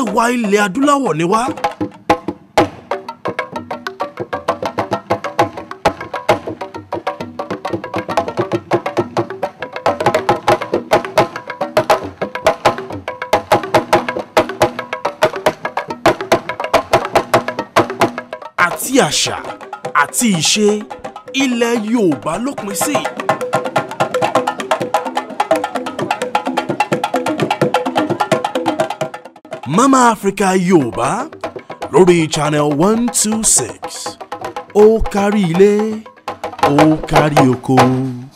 ẹwà ilẹ̀ adúláwọ̀ ni wá. àti àṣà àti ìṣe ilẹ̀ Yorùbá ló pin sí. Mama Africa Yoba, lórí channel one Karile, kárí ilé ó kárí